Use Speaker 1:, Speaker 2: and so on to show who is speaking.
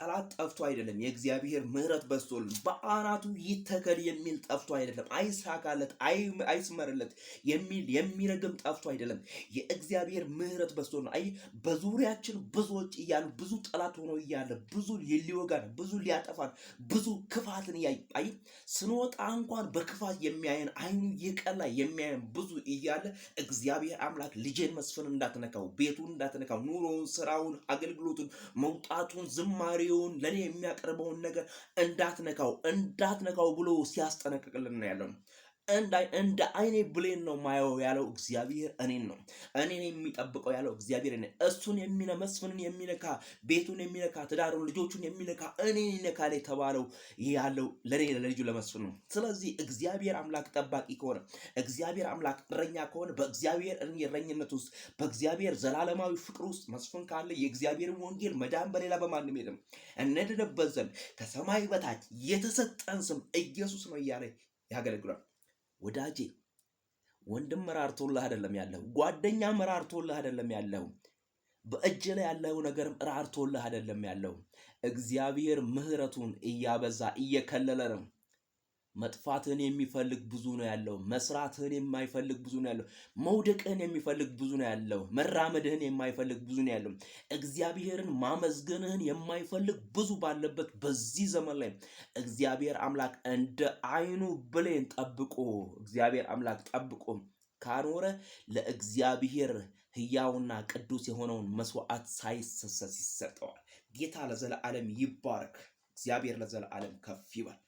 Speaker 1: ጠላት ጠፍቶ አይደለም፣ የእግዚአብሔር ምሕረት በዝቶልን በአናቱ ይተከል የሚል ጠፍቶ አይደለም፣ አይሳካለት አይስመርለት የሚል የሚረግም ጠፍቶ አይደለም፣ የእግዚአብሔር ምሕረት በዝቶልን። አይ በዙሪያችን ብዙዎች እያሉ ብዙ ጠላት ሆኖ እያለ ብዙ ሊወጋን ብዙ ሊያጠፋን ብዙ ክፋትን እያየ አይ ስንወጣ እንኳን በክፋት የሚያየን አይኑ የቀላ የሚያየን ብዙ እያለ እግዚአብሔር አምላክ ልጄን መስፍን እንዳትነካው፣ ቤቱን እንዳትነካው፣ ኑሮውን፣ ስራውን፣ አገልግሎቱን፣ መውጣቱን፣ ዝማሬ ጥሪውን ለእኔ የሚያቀርበውን ነገር እንዳትነካው እንዳትነካው ብሎ ሲያስጠነቅቅልን ያለው እንደ አይኔ ብሌን ነው ማየው ያለው እግዚአብሔር እኔን ነው። እኔን የሚጠብቀው ያለው እግዚአብሔር እኔ እሱን የሚነ መስፍንን የሚነካ ቤቱን የሚነካ ትዳሩን ልጆቹን የሚነካ እኔን ይነካል የተባለው ያለው ለእኔ ለልጁ ለመስፍን ነው። ስለዚህ እግዚአብሔር አምላክ ጠባቂ ከሆነ እግዚአብሔር አምላክ እረኛ ከሆነ በእግዚአብሔር እረኝነት ውስጥ በእግዚአብሔር ዘላለማዊ ፍቅር ውስጥ መስፍን ካለ የእግዚአብሔርን ወንጌል መዳን በሌላ በማንም የለም እንድንበት ዘንድ ከሰማይ በታች የተሰጠን ስም ኢየሱስ ነው እያለ ያገለግሏል።
Speaker 2: ወዳጄ ወንድም ራርቶልህ አይደለም ያለው፣ ጓደኛ ራርቶልህ አይደለም ያለው፣ በእጅ ላይ ያለው ነገር ራርቶልህ አይደለም ያለው። እግዚአብሔር ምሕረቱን እያበዛ እየከለለ ነው። መጥፋትህን የሚፈልግ ብዙ ነው ያለው። መስራትህን የማይፈልግ ብዙ ነው ያለው። መውደቅህን የሚፈልግ ብዙ ነው ያለው። መራመድህን የማይፈልግ ብዙ ነው ያለው። እግዚአብሔርን ማመስገንህን የማይፈልግ ብዙ ባለበት በዚህ ዘመን ላይ እግዚአብሔር አምላክ እንደ አይኑ ብሌን ጠብቆ እግዚአብሔር አምላክ ጠብቆ ካኖረ ለእግዚአብሔር ህያውና ቅዱስ የሆነውን መስዋዕት ሳይሰሰስ ይሰጠዋል። ጌታ ለዘለዓለም ይባረክ። እግዚአብሔር ለዘለዓለም ከፍ ይበል።